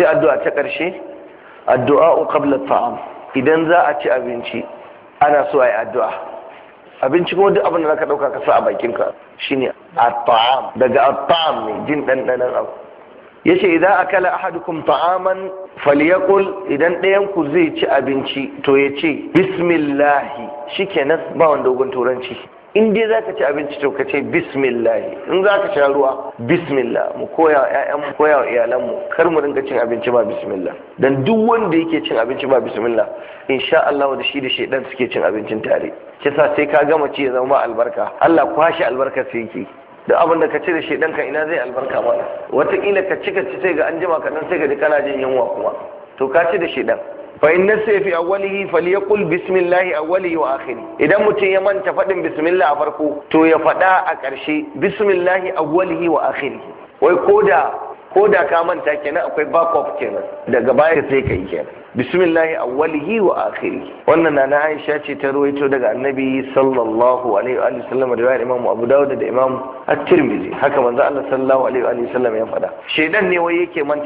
sai addu'a ta ƙarshe addu'a qabla ta'am idan za a ci abinci ana so a addu'a abinci kuma duk abin da zaka ɗauka ka a bakin ka shine at daga at ne jin dandanan abu yace idan akala ahadukum ta'aman falyakul idan ɗayan ku zai ci abinci to ya ce bismillah shikenan ba wanda dogon turanci in dai za ka ci abinci to ka ce bismillah in za ka sha ruwa bismillah mu koya wa ƴaƴan mu koya wa iyalan mu kar mu dinga cin abinci ba bismillah dan duk wanda yake cin abinci ba bismillah insha Allah da shi da shedan suke cin abincin tare kisa sai ka gama ci ya zama albarka Allah kwashe albarkar sai yake da abin da ka ci da shedan ka ina zai albarka mana wataƙila ka ci ka ci sai ga anjima jima ka dan sai ka ji kana jin yunwa kuma to ka ci da shedan fa in nasiya fi awwalihi falyaqul bismillahi awwalihi wa akhiri idan mutum ya manta faɗin bisimillah a farko to ya faɗa a ƙarshe bismillahi awwalihi wa akhiri wai ko da ka manta kenan akwai of kenan daga baya sai kai kenan bismillahi awwalihi wa akhiri wannan na Aisha ce ta ruwaito daga Annabi sallallahu alaihi wa sallam da riwayar Imam Abu Dawud da Imam At-Tirmidhi haka manzo Allah sallallahu alaihi wa sallam ya faɗa Shaidan ne wai yake manta